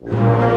you